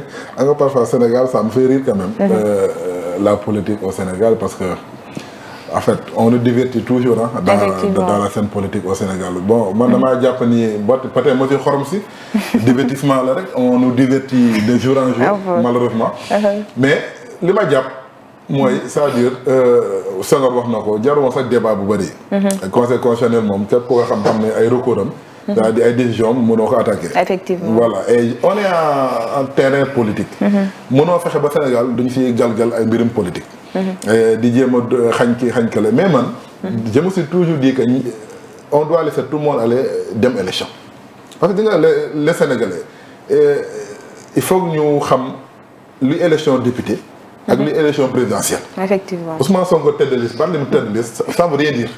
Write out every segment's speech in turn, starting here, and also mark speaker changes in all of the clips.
Speaker 1: xam nga parfois Sénégal ça me fait quand même. Mhm. Euh, euh, la politique au Sénégal parce que en fait on nous divertit toujours ah. dans dans la scène politique au Sénégal bon man damaa mhm. jàpp ni ba peut-être xorom si. divertissement la rek on nous divertit de jour en jour. Ah, malheureusement. Uh-huh. mais li ma jàpp mooy cest dire euh, Senghor wax na ko jaruma woon sax débat bu bëri. Mhm. conseil moom képp ku xam-xam ay recours Mhm. c'est-à-dire ay décision am mënoo ko attaqué. effectivement voilà et on est terrain politique. Mhm. mënoo fexe ba Sénégal duñ fi galgal ay mbirum politique. Mhm. di jéem a xañ ki xañ kale mais man. je me toujours dit que on doit laisser tout le monde dem élection parce que di nga les Sénégalais il faut ñu xam lu élection député. ak lu élection présidentielle. effectivement Sonko tête de liste Barthélémy tête de liste dire.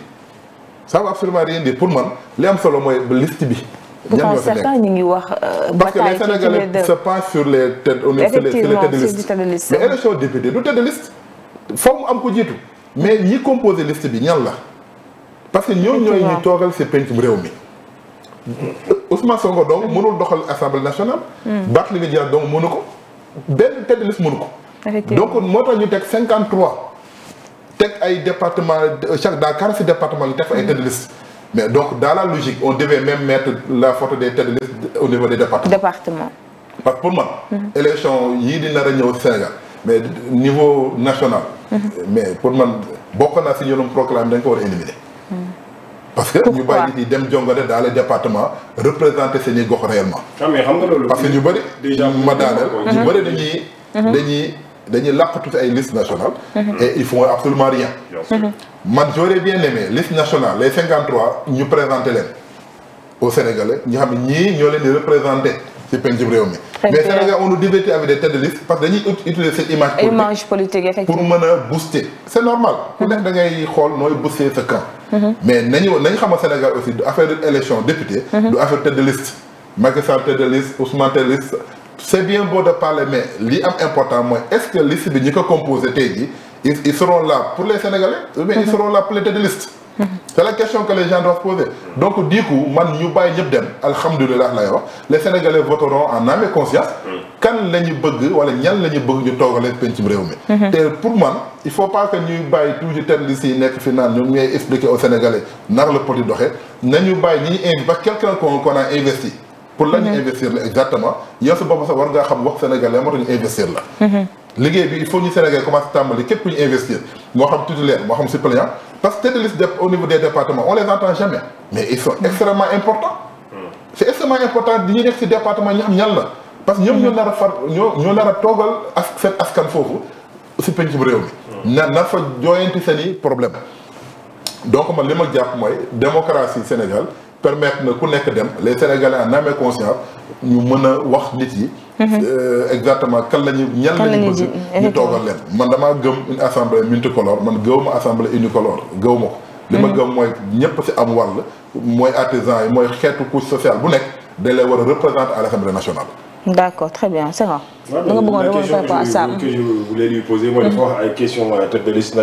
Speaker 1: ça veut absolument rien dire pour man li am solo mooy liste bi.
Speaker 2: ñan ñoo fi nekk
Speaker 1: ñu ngi wax. Euh, parce que les sénégalais se penchent sur les têtes au niveau sur les têtes de liste mais élection député du tête de liste am ko jiitu mais ñi composé liste bi ñan la parce que ñoom ñooy ñu toogal si pencum réew mi. Ousmane Sonko donc mënul doxal assemblée nationale. Hmm. Barthélémy Dias donc mënu ko benn tête de mënu ko. donc moo tax ñu teg 53. teg ay département euh, chaque dans quarante-six département la teg fa ay tête de liste mais donc dans logique on devait même mettre la photo des têtes de liste parce que pour man. Mhm. élection yii di nar a ñëw Sénégal mais niveau national. Mhm. mais pour man bokk naa si ñoom proclame dañ ko war a mhm. parce que ñu bàyyi yi dem jongale dans les départements représenter seeni gox réellement. Ah, parce que ñu bëri. ma daaneel ñu bëri dañuy dañuy. dañuy làqatu ci ay liste nationale mhm. et ils font absolument rien man j'aurais bien aimé liste nationale les 53 ñu présenté leen au Sénégalais ñu xam ne ñii ñoo leen di représenté ci pencum réew mi mais Sénégal on nous divertit avec des têtes parce que dañuy utiliser cette image politique pour mën a booster c'est normal ku nekk da xool nooy booster sa camp mhm. mais nañu nañu xam Sénégal aussi du affaire d'élection député mhm. du affaire tête de liste c'est bien beau de parler mais li am important mooy est-ce que liste bi ñi ko composé tey jii ils ils seront là pour les Sénégalais ou bien ils seront là pour les têtes de c'est la question que les gens doivent donc du man ñu bàyyi ñëpp dem alhamdulilah lay wax les Sénégalais voteront en âme et conscience kan la bëgg wala ñan la bëgg ñu toogalee pencum réew mi mhm. te pour man il faut pas que ñuy bàyyi toujours tête liste yi nekk fi naan ñoom ñooy expliquer aux Sénégalais a pour la ñu mhm. investir la exactement yow si bopp sax war ngaa xam wax sénégalais moo tax investir la mhm. liggéey bi il faut ñu Sénégal commencé tàmbali képp ñu investir moo xam titulaire moo xam suppléant parce que tête de liste au niveau des on les entend jamais mais ils sont mhm. extrêmement importants c'est important di ñu nekk si département ñu xam ñan parce que ñoom ñoo nar a far ñoo ñoo nar a toogal as seen askan foofu si pencum réew mi na na fa jooyanti seen i problème donc man li ma jàpp mooy démocratie Sénégal permettre na ku nekk dem les sénégalais en âme et conscience ñu mën a wax nit yi. Mhm. Euh, exactement kan la ñu ñan la ñu bëgg ñu toogal leen man damaa gëm une assemblée multicolore man gëwuma assemblée unicolore gëwuma ko. li ma mhm. gëm mooy ñëpp si am wàll mooy artisan yi mooy xeetu couche sociale bu nekk da lay war a représenter à l' nationale. d' très bien c' est da nga bëggoon dama fay quoi ça. que je voulais lui poser mooy dafa wax ay